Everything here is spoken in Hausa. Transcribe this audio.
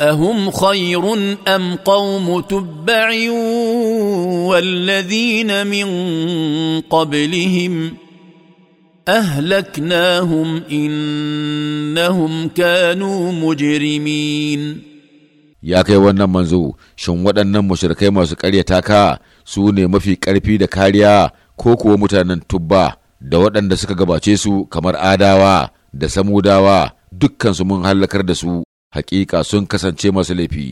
أهم خير أم قوم تبع والذين من قبلهم أهلكناهم إنهم كانوا مجرمين ya kai wannan manzo shin waɗannan mushrikai masu ƙaryata ka su ne mafi ƙarfi da kariya ko kuwa mutanen tubba da waɗanda suka gabace su kamar adawa da samudawa dukkansu mun hallakar da su hakika sun kasance masu laifi